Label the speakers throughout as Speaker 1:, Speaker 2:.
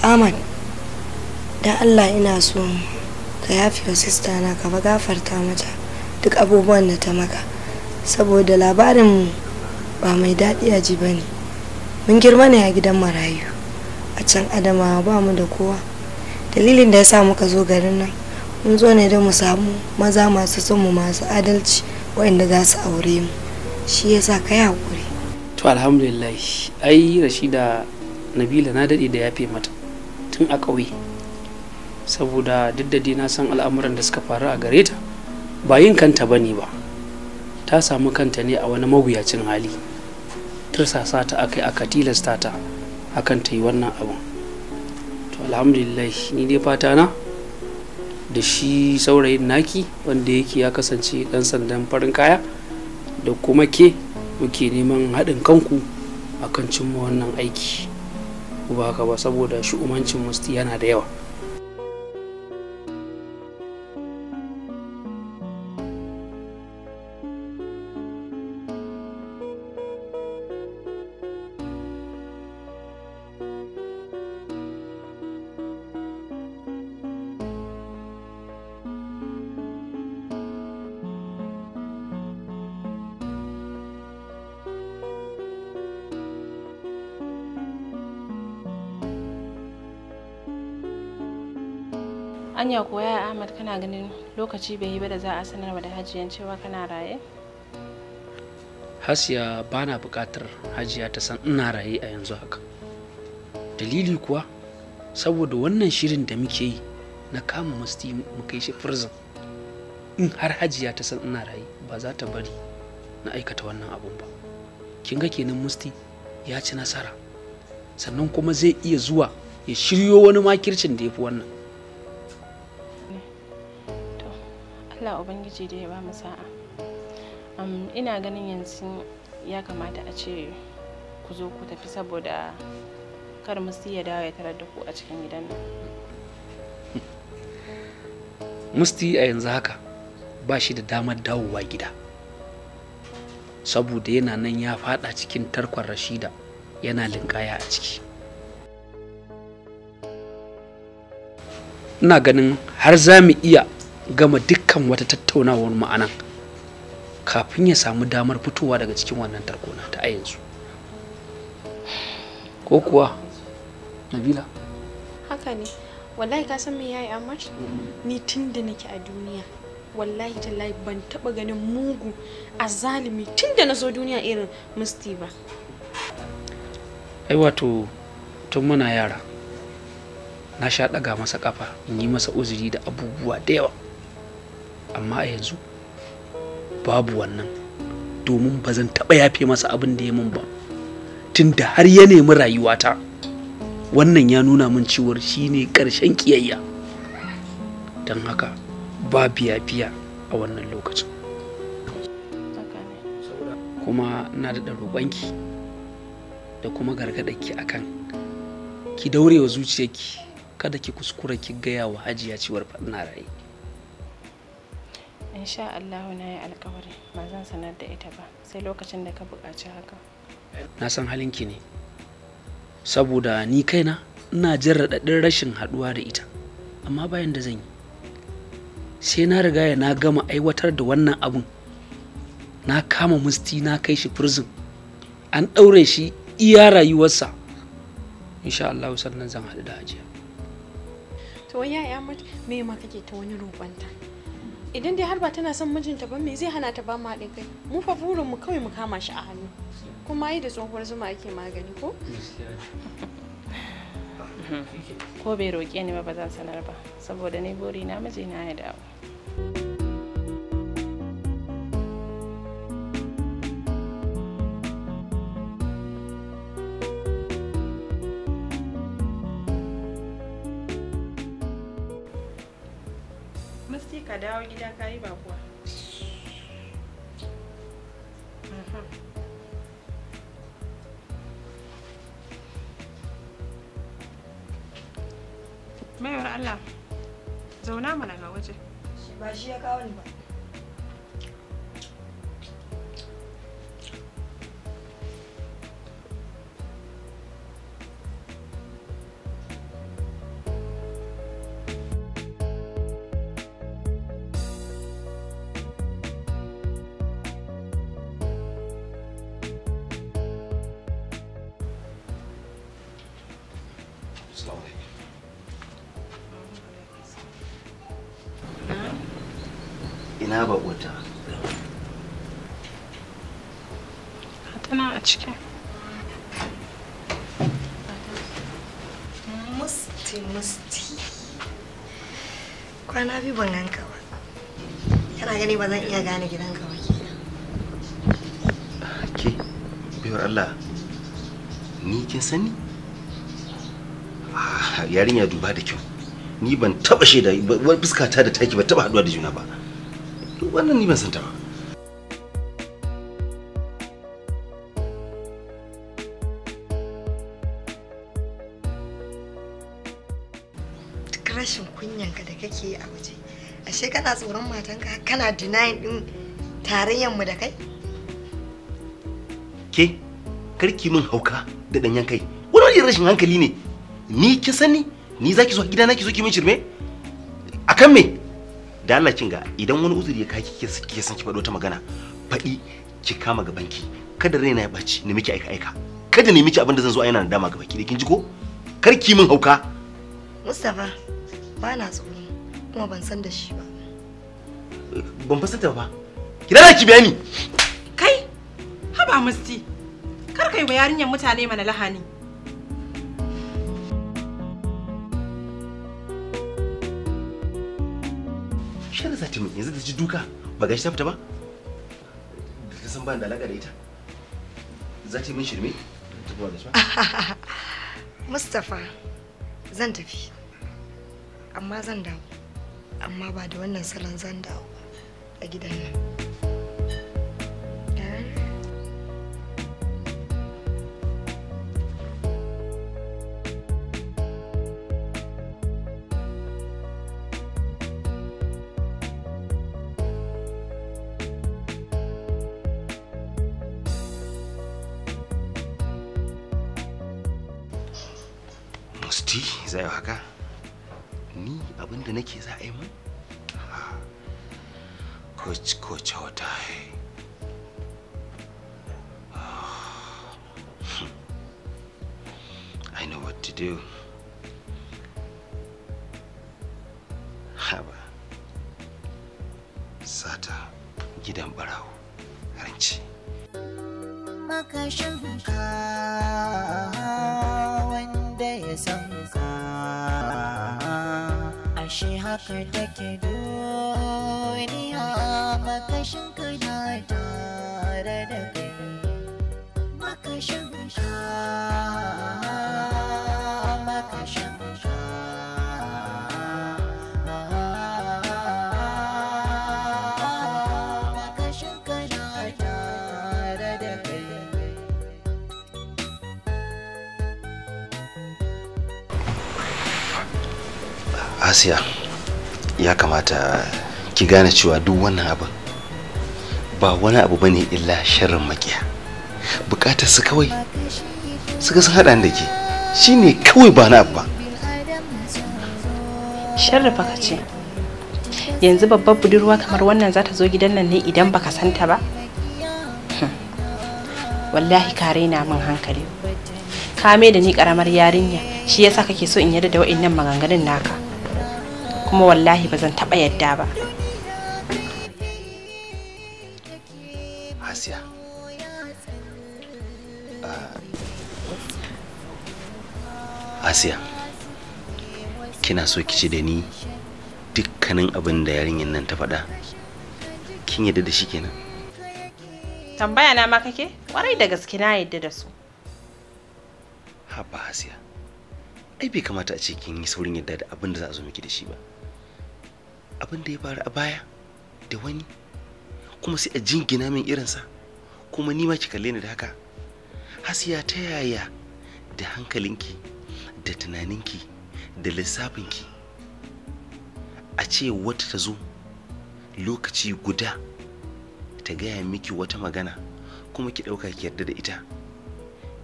Speaker 1: Ahmad, don Allah ina so ka yafe wa sista na ka gafarta mata duk abubuwan da ta maka saboda labarin ba mai daɗi a ji ba ne mun girma ne a gidan marayu a can adamawa ba mu da kowa dalilin da ya sa muka zo garin nan mun zo ne don mu samu maza masu son mu masu adalci waɗanda za su aure mu shi ya sa ka yi haƙuri
Speaker 2: to alhamdulillah ai rashida nabila na daɗe da yafe mata tun a ƙauye saboda duk da dai na san al'amuran da suka faru a gare ta ba yin kanta ba ne ba ta samu kanta ne a wani mawuyacin hali tursasa ta aka yi aka tilasta ta akan ta yi wannan abin to alhamdulillah ni dai fata na da shi saurayin naki wanda yake ya kasance dan sandan farin kaya da kuma ke muke neman haɗin kanku akan cimma wannan aiki ko ba haka ba saboda shi'umancin musti yana da yawa
Speaker 3: anya kuwa ya ahmad kana ganin lokaci bai yi ba da za a sanar da hajiyan cewa kana raye
Speaker 2: hasiya ba na buƙatar hajiya ta san ina raye a yanzu haka dalili kuwa saboda wannan shirin da muke yi na kama musti mu kai shi prison in har hajiya ta san ina raye ba za ta bari na aikata wannan abun ba kin ga kenan musti ya ci nasara sannan kuma zai iya zuwa ya shiryo wani makircin da ya fi wannan
Speaker 3: Allah Ubangiji da ya ba mu sa'a. ina ganin yanzu ya kamata a ce ku zo ku tafi saboda kar musti ya dawo ya tarar da ku a cikin gidan nan.
Speaker 2: Musti a yanzu haka ba shi da damar dawowa gida. Saboda yana nan ya fada cikin tarkon Rashida yana linkaya a ciki. Ina ganin har za mu iya gama dukkan wata tattaunawar ma'ana kafin ya samu damar fitowa daga cikin wannan tarkona ta yanzu ko kuwa nabila
Speaker 4: haka ne wallahi ka san me yayi amash ni tun da nake a duniya wallahi tallahi ban taba ganin mugu a zalimi tun da na zo duniya irin musti ba
Speaker 2: ai wato tun muna yara na sha daga masa kafa in yi masa uzuri da abubuwa da yawa amma a yanzu babu wannan domin ba zan taɓa yafe masa abin da ya min ba tunda har ya nemi rayuwata wannan ya nuna min cewar shi ne ƙarshen ƙiyayya don haka babu yafiya a wannan lokacin kuma na da roƙonki da kuma gargaɗarki akan ki daurewa zuciyarki kada ki kuskura ki gaya wa hajiya cewar faɗin raye
Speaker 3: insha allahu na yi alkawari ba zan sanar da ita ba sai lokacin da ka buƙaci haka
Speaker 2: na san halinki ne saboda ni kaina ina jin raɗaɗin rashin haɗuwa da ita amma bayan da zan yi sai na riga na gama aiwatar da wannan abun na kama musti na kai shi prison an ɗaure shi iya rayuwarsa insha Allah sannan zan haɗu da hajiya
Speaker 4: to ya ya mai ma kake ta wani roƙonta idan dai har ba tana son mijinta ba me zai hana ta ba mu kai mu fa burin mu kawai mu kama shi a hannu kuma yi da tsohuwar zuma ake magani ko
Speaker 3: ko bai roƙe ni ba ba zan sanar ba saboda ni buri na miji na ya dawo Allah zauna mana ga waje ba shi ya
Speaker 1: kawo ni ba
Speaker 5: Slowly. ina ba uta
Speaker 1: tana a cikin. musti musti kwana bi ban ganka ba kana gani ba zan iya gane gidanka ba kenan ke
Speaker 5: biyar Allah ni kin sani ah, yarinya duba da kyau ni ban taba shaida fuskata da taki ba taba haduwa da juna ba to wannan ni ban san ta ba
Speaker 1: rashin kunyanka da kake yi a waje ashe kana tsoron matanka kana denying din mu da kai
Speaker 5: ke karki min hauka da danyen kai wani wani rashin hankali ne ni ki sani ni zaki zo gidana ki zo ki min shirme akan me da Allah ga idan wani uzuri ya kaki ke san ki faɗo ta magana faɗi ki kama gaban ki kada raina ya baci ni miki aika aika kada ni miki abin da zan zo a yana dama gaba ki kin ji ko kar ki min hauka
Speaker 1: mustafa ba na tsoro kuma ban san da shi ba
Speaker 5: ban fasanta ba ki dana ki bayani
Speaker 1: kai haba musti
Speaker 3: kar kai wa yarinyar mutane mana lahani
Speaker 5: shara za ta min yanzu da ji duka ba shi ta fita ba da ta san ba da alaka da ita za ta min shirme ta ba gashi
Speaker 1: ba Mustapha zan tafi amma zan dawo amma ba da wannan salon zan dawo a gidan nan
Speaker 5: musti zai haka ni abinda nake za a yi mun coach coach wata ah, hmm. I know what to do. Haba. Sata gidan barawo. Ranci.
Speaker 1: Makashin ka. sanka ashe haka take duniya makashin ka na tare da kai makashin ka
Speaker 5: asiya ya kamata ki gane cewa duk wannan abu ba wani abu bane illa sharrin makiya bukatar su kawai
Speaker 3: ga
Speaker 5: sun haɗa da ke shine kawai ba na abu ba
Speaker 3: sharrafa ka ce yanzu babbar budurwa kamar wannan za ta zo gidan nan ne idan baka santa ba hmm. wallahi ka raina min hankali kame da ni karamar yarinya shi yasa kake so in yarda da wa'annan maganganun naka kuma wallahi ba zan taɓa yadda ba Asiya,
Speaker 5: ah. Asiya. kina so kici da ni dukkanin abin da yarinyar nan ta faɗa kin yadda da shi kenan
Speaker 3: tambaya na ma kake kwarai da gaske na yadda da su
Speaker 5: haba Asiya, ai bai kamata a ce kin yi saurin yadda da abin da za a zo miki da shi ba
Speaker 3: abin da ya faru a baya
Speaker 5: da wani kuma sai a jingina min irinsa kuma ni ma ki kalle ni da haka hasiya ta yaya da hankalinki da tunaninki da lissafinki a ce wata ta zo lokaci guda ta gaya miki wata magana kuma ki ɗauka ki yarda da ita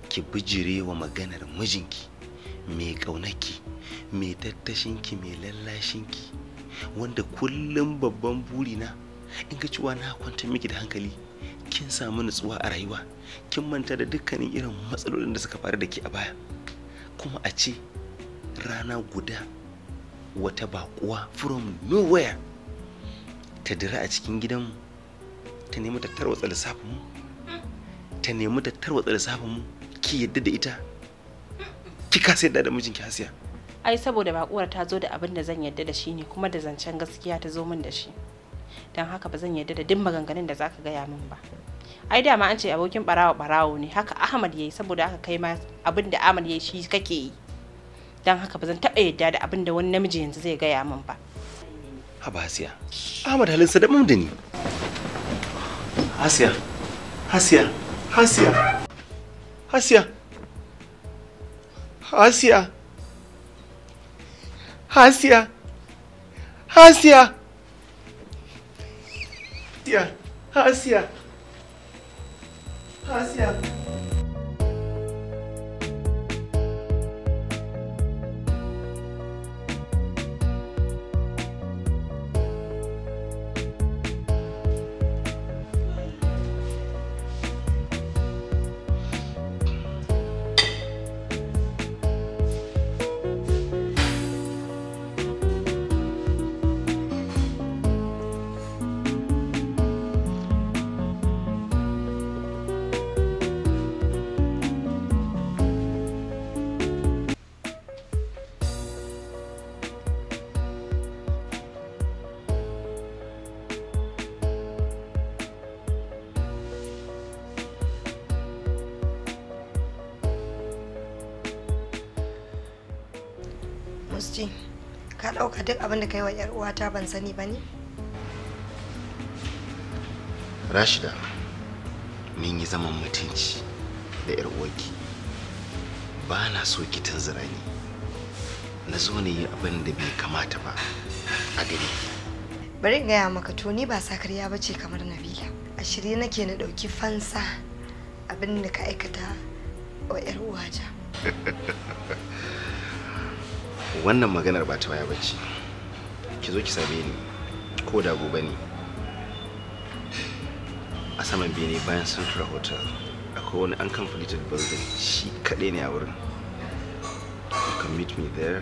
Speaker 5: ki bijire wa maganar mijinki mai ƙaunaki mai tattashinki mai lallashinki wanda kullum babban buri na in ga cewa na kwanta miki da hankali kin samu nutsuwa a rayuwa kin manta da dukkanin irin matsalolin da suka faru da ke a baya kuma a ce rana guda wata bakuwa from nowhere ta dira a cikin gidanmu ta nemi ta tarwatsa mu ta nemi ta tarwatsa lissafinmu ki yadda da ita ki kasa yadda da mijinki hasiya
Speaker 3: ai saboda bakuwar ta zo da abin da zan yarda da shi ne kuma da zancen gaskiya ta zo min da shi don haka ba zan yarda da duk maganganun da zaka gaya min ba ai dama an ce abokin barawa barawo ne haka ahmad yayi saboda haka kai ma abin da ahmad yayi shi kake yi don haka ba zan taɓa yarda da abin da wani namiji yanzu zai gaya min ba
Speaker 5: haba hasiya ahmad halinsa da da ni hasiya hasiya hasiya hasiya hasiya Asia. Asia. Dear, Asia. Asia.
Speaker 1: ka ɗauka duk abin da ka yi wa 'yar uwata ban sani ba ne?
Speaker 5: Rashida, mun yi zaman mutunci da 'yar uwarki. Ba na so ki tunzura ni. Na zo ne yi abin da bai kamata ba
Speaker 1: a gani. Bari in gaya maka to ni ba sakarya ba ce kamar Nabila. A shirye nake na ɗauki fansa abin da ka aikata wa 'yar uwata.
Speaker 5: wannan maganar ba ta waya bace ki zo ki same ni ko da gobe ne a saman bene bayan central hotel akwai wani uncompleted building shi kaɗai ne a wurin you can meet me there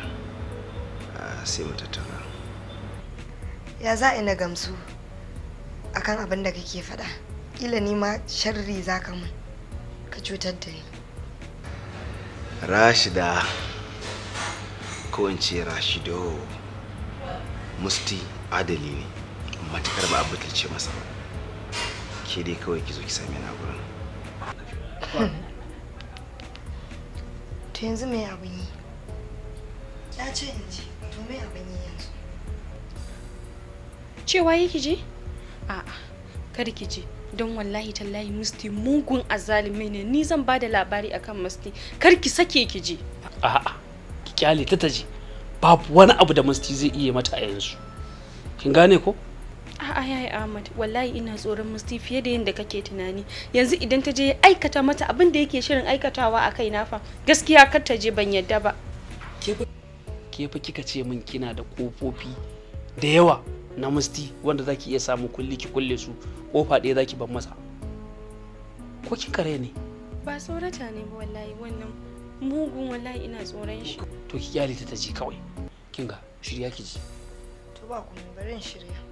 Speaker 5: sai mu tattauna
Speaker 1: ya za na gamsu akan abin da kake faɗa ƙila ni ma sharri za ka mun ka cutar da ni
Speaker 5: rashida ko in ce rashido musti adali ne matakar ba a ce masa ke dai kawai ki zo ki same na gurin
Speaker 1: to yanzu me abin yi Ya ce in ji to me abin yi yanzu cewa yi ki je
Speaker 4: a'a kar ki je don wallahi tallahi musti mugun azalimi ne ni zan ba da labari akan musti kar ki sake ki je
Speaker 2: a'a kyale ta taji babu wani abu da musti zai iya mata a yanzu kin gane ko
Speaker 4: a'a yayi Ahmad wallahi ina tsoron musti fiye da yadda kake tunani yanzu idan ta je aikata mata abin da yake shirin aikatawa a kai nafa gaskiya kar ta je ban yadda ba
Speaker 2: ke fa kika ce min kina da kofofi da yawa na musti wanda zaki iya samu kulli ki kulle su kofa ɗaya zaki ban masa ko kin kare ne
Speaker 4: ba tsorata ne wallahi wannan mugun wallahi ina tsoron shi
Speaker 2: to ki kyale ta ta ji kawai kinga shirya ki ji
Speaker 1: to ba ku barin shirya